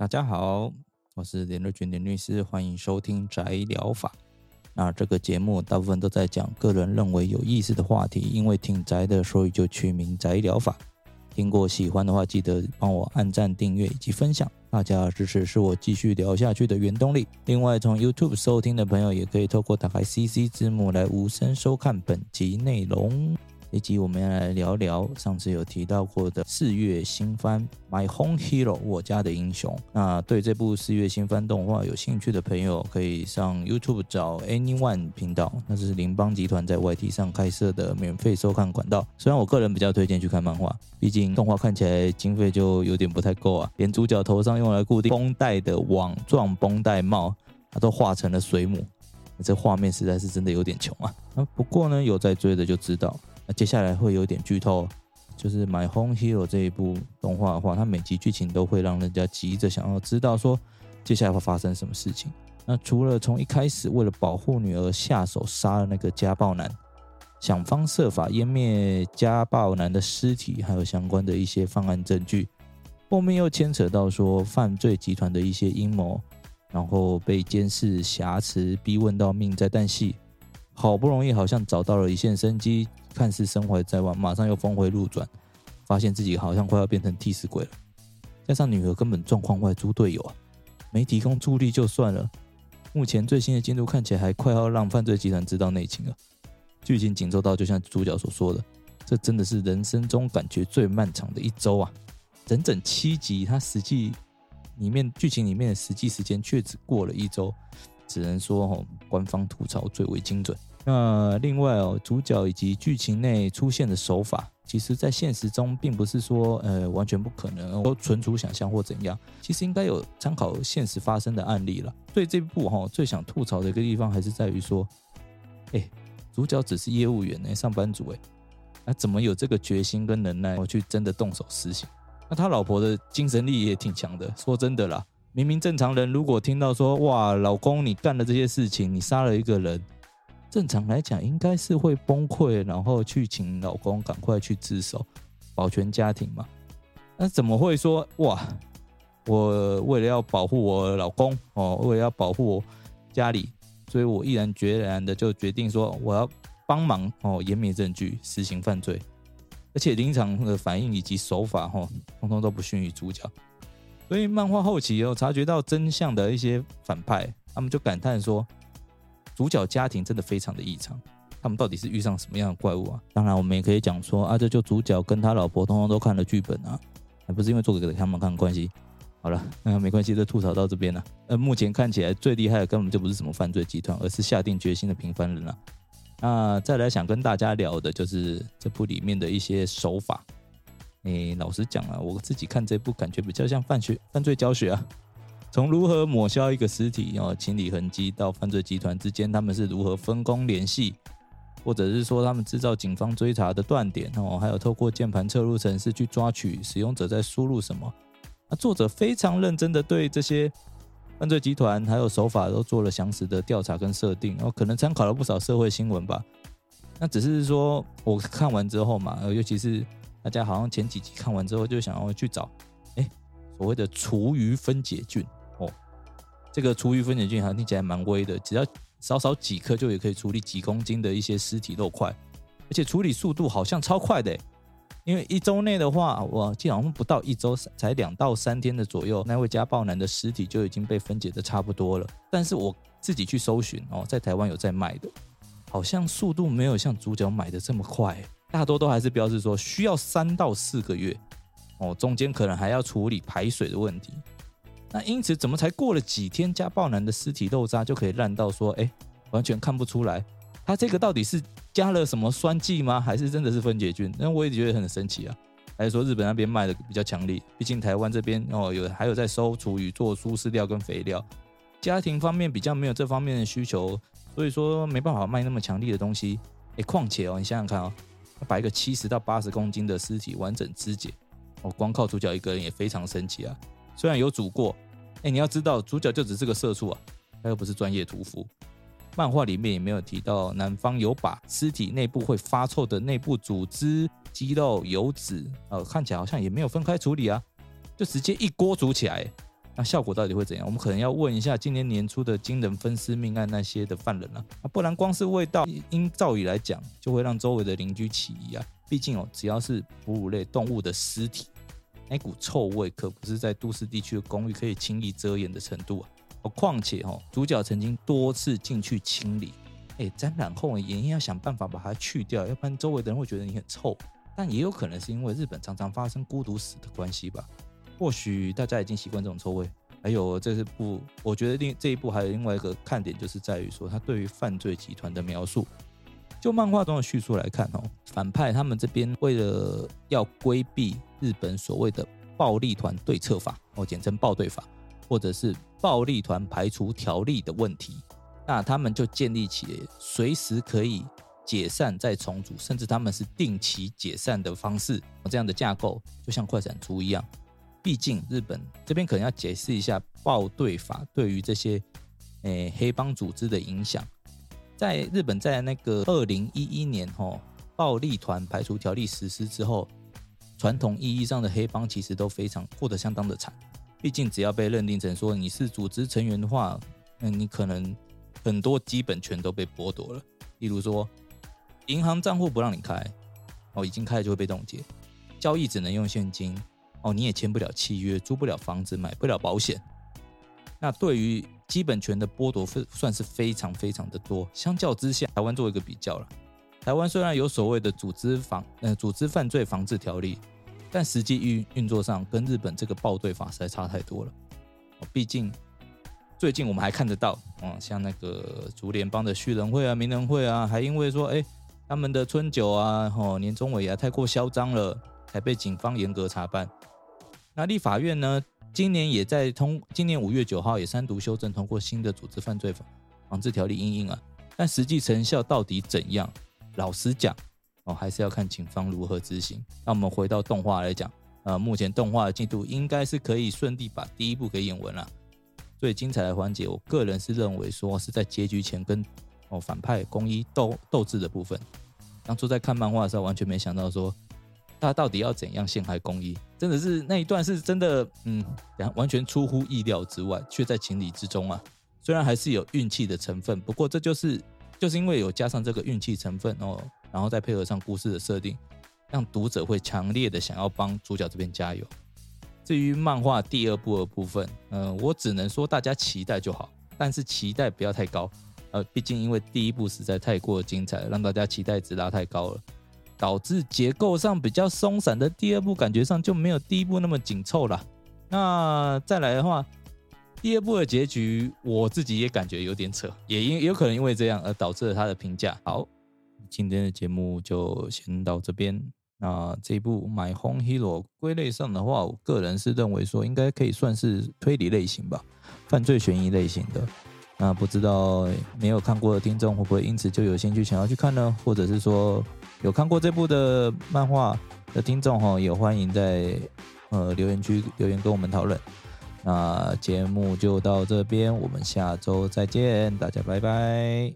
大家好，我是連若群連律師，歡迎收聽宅聊法。那這個節目大部分都在講個人認為有意思的話題，因為挺宅的，所以就取名宅聊法。聽過喜歡的話，記得幫我按讚、訂閱以及分享，大家的支持是我繼續聊下去的原動力。另外，從 YouTube 收聽的朋友也可以透過打開 CC 字幕來無聲收看本集內容。以及我們要來聊聊上次有提到過的四月新番《My Home Hero》我家的英雄。那對這部四月新番動畫有興趣的朋友，可以上 YouTube 找 Anyone 頻道，那是羚邦集團在 YT 上開設的免費收看管道。雖然我個人比較推薦去看漫畫，畢竟動畫看起來經費就有點不太夠啊。連主角頭上用來固定繃帶的網狀繃帶帽，它都畫成了水母。這畫面實在是真的有點窮啊。不過呢，有在追的就知道。啊、接下來會有點劇透，就是《My Home Hero》這一部動畫的話，它每集劇情都會讓人家急着想要知道說接下來會發生什麼事情。那除了從一開始為了保護女兒下手殺了那個家暴男，想方設法湮滅家暴男的屍體，還有相關的一些犯案證據，後面又牽扯到說犯罪集團的一些陰謀，然後被監視、挾持、逼問到命在旦夕。好不容易好像找到了一線生機，看似生還在望，馬上又峰回路轉，發現自己好像快要變成替死鬼了。加上女兒根本狀況外豬隊友啊，沒提供助力就算了。目前最新的進度看起來還快要讓犯罪集團知道內情了。劇情緊湊到就像主角所說的，這真的是人生中感覺最漫長的一周啊！整整七集，他實際裡面劇情裡面的實際時間卻只過了一周，只能說哦，官方吐槽最為精準。那另外哦，主角以及劇情內出現的手法，其實，在現實中並不是說，呃，完全不可能，都純屬想象或怎樣。其實應該有參考現實發生的案例了。所以這部哈、哦，最想吐槽的一個地方還是在於說，哎，主角只是業務員呢，上班族哎，那、啊、怎麼有這個決心跟能耐去真的動手實行？那他老婆的精神力也挺強的，說真的啦，明明正常人如果聽到說，哇，老公你幹了這些事情，你殺了一個人。正常來講，應該是會崩潰，然後去請老公趕快去自首，保全家庭嘛。那怎麼會說哇，我為了要保護我老公哦，為了要保護我家裡，所以我毅然決然的就決定說，我要幫忙哦，湮滅證據，實行犯罪，而且臨場的反應以及手法哦，通通都不遜於主角。所以漫畫後期有、哦、察覺到真相的一些反派，他們就感嘆說。主角家庭真的非常的異常，他們到底是遇上什麼樣的怪物啊？當然，我們也可以講說啊，這就主角跟他老婆通通都看了劇本啊，還不是因為作者給他們看的關係。好了，那沒關係，這吐槽到這邊了、啊。呃，目前看起來最厲害的根本就不是什麼犯罪集團，而是下定決心的平凡人了、啊。那再來想跟大家聊的就是這部裡面的一些手法。哎，老實講啊，我自己看這部感覺比較像犯學犯罪教學啊。從如何抹消一個屍體哦，清理痕迹到犯罪集團之間，他們是如何分工聯繫，或者是說他們制造警方追查的斷點哦，還有透過鍵盤側錄程式去抓取使用者在輸入什麼。那、啊、作者非常認真的對這些犯罪集團還有手法都做了詳實的調查跟設定，然、哦、後可能參考了不少社會新聞吧。那只是說我看完之後嘛，尤其是大家好像前幾集看完之後就想要去找哎所謂的廚餘分解菌。這個廚餘分解菌好像聽起來蠻威的，只要少少幾顆就也可以處理幾公斤的一些屍體肉塊，而且處理速度好像超快的，因為一周內的話，我記得好像不到一周，才兩到三天的左右，那位家暴男的屍體就已經被分解的差不多了。但是我自己去搜尋哦，在台灣有在賣的，好像速度沒有像主角買的這麼快，大多都還是標示說需要三到四個月，哦，中間可能還要處理排水的問題。那因此，怎麼才過了幾天，家暴男的屍體豆渣就可以爛到說，哎，完全看不出來，他這個到底是加了什麼酸劑嗎？還是真的是分解菌？那我也覺得很神奇啊。還是說日本那邊賣的比較強力？畢竟台灣這邊哦，有還有在收廚餘做豬飼料跟肥料，家庭方面比較沒有這方面的需求，所以說沒辦法賣那麼強力的東西。哎，況且哦，你想想看啊、哦，把一個七十到八十公斤的屍體完整肢解，哦，光靠主角一個人也非常神奇啊。雖然有煮過，欸，你要知道主角就只是個社畜啊，他又不是專業屠夫。漫畫裡面也沒有提到男方有把屍體內部會發臭的內部組織、肌肉、油脂，呃，看起來好像也沒有分開處理啊，就直接一鍋煮起來，那效果到底會怎樣？我們可能要問一下今年年初的驚人分屍命案那些的犯人了啊，不然光是味道，因噪音來講，就會讓周圍的鄰居起疑啊。畢竟哦，只要是哺乳類動物的屍體。那股臭味可不是在都市地區的公寓可以輕易遮掩的程度啊！哦，況且哦，主角曾經多次進去清理，哎，沾染後也應要想辦法把它去掉，要不然周圍的人會覺得你很臭。但也有可能是因為日本常常發生孤獨死的關係吧？或許大家已經習慣這種臭味。還有，這是部我覺得另這一部還有另外一個看點，就是在於說他對於犯罪集團的描述。就漫畫中的敘述來看，哦，反派他們這邊為了要規避。日本所謂的暴力團對策法，哦，簡稱暴對法，或者是暴力團排除條例的問題，那他們就建立起隨時可以解散再重組，甚至他們是定期解散的方式，這樣的架構，就像快閃族一樣。畢竟日本這邊可能要解釋一下暴對法對於這些誒、哎、黑幫組織的影響。在日本，在那個二零一一年，哦，吼暴力團排除條例實施之後。傳統意義上的黑幫其實都非常過得相當的慘，畢竟只要被認定成說你是組織成員的話，嗯，你可能很多基本權都被剝奪了。例如說，銀行賬戶不讓你開，哦，已經開了就會被凍結，交易只能用現金，哦，你也簽不了契約，租不了房子，買不了保險。那對於基本權的剝奪，算是非常非常的多。相較之下，台灣做一個比較了。台灣雖然有所謂的組織防呃組織犯罪防治條例，但實際運運作上跟日本這個暴對法實在差太多了。哦、畢竟最近我們還看得到，哦、像那個竹聯幫的旭仁會啊、名人會啊，還因為說，欸、他們的春酒啊、吼、哦、年終尾啊太過囂張了，才被警方嚴格查辦。那立法院呢，今年也在通，今年五月九號也三讀修正通過新的組織犯罪防防治條例，因應啊，但實際成效到底怎樣？老實講，哦，還是要看警方如何執行。那我們回到動畫來講，呃，目前動畫的進度應該是可以順利把第一部給演完了。最精彩的環節，我個人是認為說是在結局前跟哦反派恭一鬥鬥智的部分。當初在看漫畫的時候，完全沒想到說他到底要怎樣陷害恭一，真的是那一段是真的，嗯，完全出乎意料之外，卻在情理之中啊。雖然還是有運氣的成分，不過這就是。就是因為有加上這個運氣成分哦，然後再配合上故事的設定，讓讀者會強烈的想要幫主角這邊加油。至於漫畫第二部的部分，嗯、呃，我只能說大家期待就好，但是期待不要太高，呃，畢竟因為第一部實在太過精彩，讓大家期待值拉太高了，導致結構上比較鬆散的第二部感覺上就沒有第一部那麼緊湊了。那再來的話。第二部的結局，我自己也感覺有點扯，也因有可能因為這樣而導致了他的評價。好，今天的節目就先到這邊。那這一部《My Home Hero》歸類上的話，我個人是認為說應該可以算是推理類型吧，犯罪懸疑類型的。那不知道沒有看過的聽眾會不會因此就有興趣想要去看呢？或者是說有看過這部的漫畫的聽眾哈，也歡迎在呃留言區留言跟我們討論。那節目就到這邊，我們下周再見，大家拜拜。